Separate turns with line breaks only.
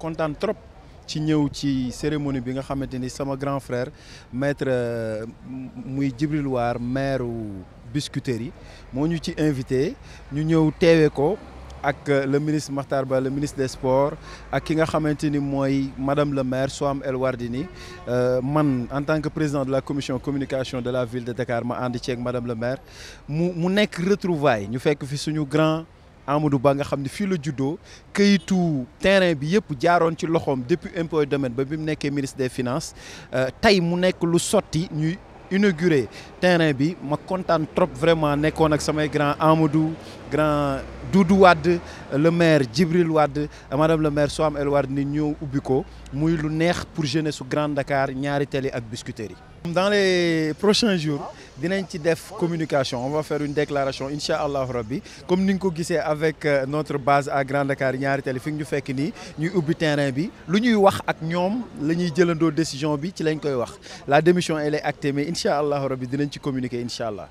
kontaan trop ci ñew ci cérémonie bi nga xamanteni sama grand frère maître euh, muy Djibril War maire Biscuiterie yi ñu ci invité ñu ñew téwé ko ak euh, le ministre Makhtar Ba le ministre des sports ak ki nga xamanteni moy madame le maire Soham El Wardini euh, man en tant que président de la commission communication de la ville de Dakar ma ci ak madame le maire mu nekk retrouvaille ñu fekk fi suñu grand Amadou Ba nga xamni fi la juddo këyitu terrain bi yëpp jaaroon ci loxom depuis impôt domaine ba bimu mu ministre des finances euh, tay mu nekk lu sotti ñuy inauguré terrain bi ma contane trop vraiment nekkon ak samay grand Amadou grand Doudou Wade le maire Djibril Wade madame le maire Soham El Wardini ñëw ubbi qui muy lu neex pour jeunesse su Grand Dakar ñaari télé ak biscuiterie dans les prochains jours allons ci def communication on va faire une déclaration incha allahu rabbi comme nous l'avons vu avec euh, notre base à Grand Dakar ñaari télé nous ñu fekk nous ñuy ubbi terrain bi lu ñuy wax ak ñoom nous ñuy jëlandoo décision bi ci lañ koy wax la démission elle est actée mais incha rabbi nous ci communiquer incha allah.